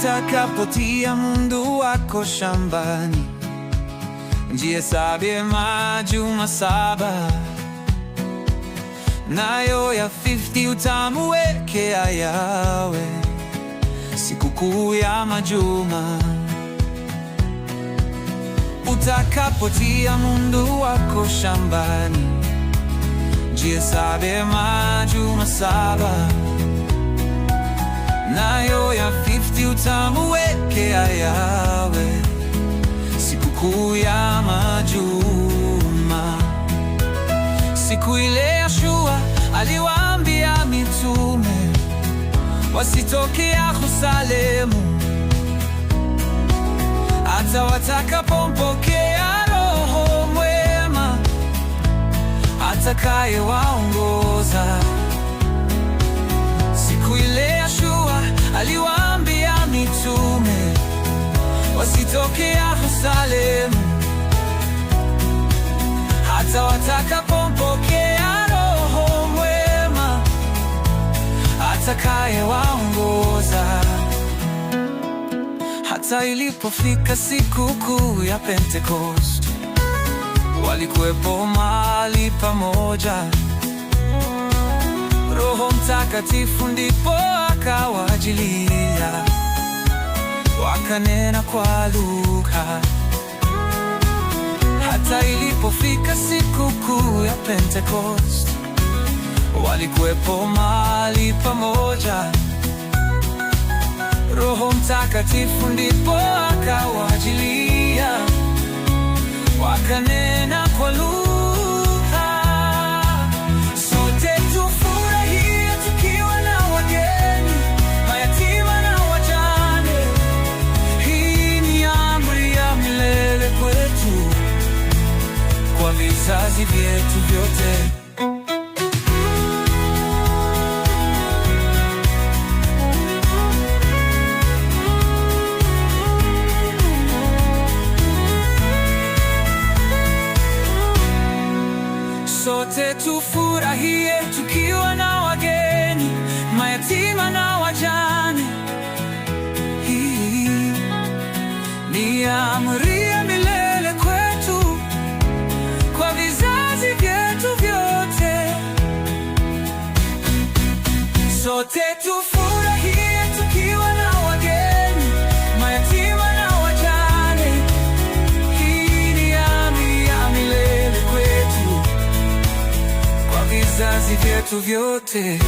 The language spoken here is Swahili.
utakapotia mundu wako shambani, jihesabie majuma saba, nayo ya 50 utamuwekea yawe sikukuu ya majuma. Utakapotia mundu wako shambani, jihesabie majuma saba Usafi utamwekea Yawe sikukuu ya majuma. Siku ile Yoshua aliwaambia mitume wasitoke Yerusalemu hata watakapompokea Roho mwema atakayewaongoza. Siku ile Yoshua aliwa kutokea Yerusalemu, hata watakapompokea Roho mwema atakayewaongoza. Hata ilipofika siku kuu ya Pentekoste, walikuwepo mahali pamoja. Roho Mtakatifu ndipo akawajilia wakanena kwa Luka. Hata ilipofika siku kuu ya Pentekost, walikuwepo mahali pamoja. Roho Mtakatifu ndipo akawajilia wakanena kazi vyetu vyote. Sote tufurahie tukiwa na Sote tufurahie tukiwa na wageni, mayatima na wajane. Hii ni amri ya milele kwetu, kwa vizazi vyetu vyote.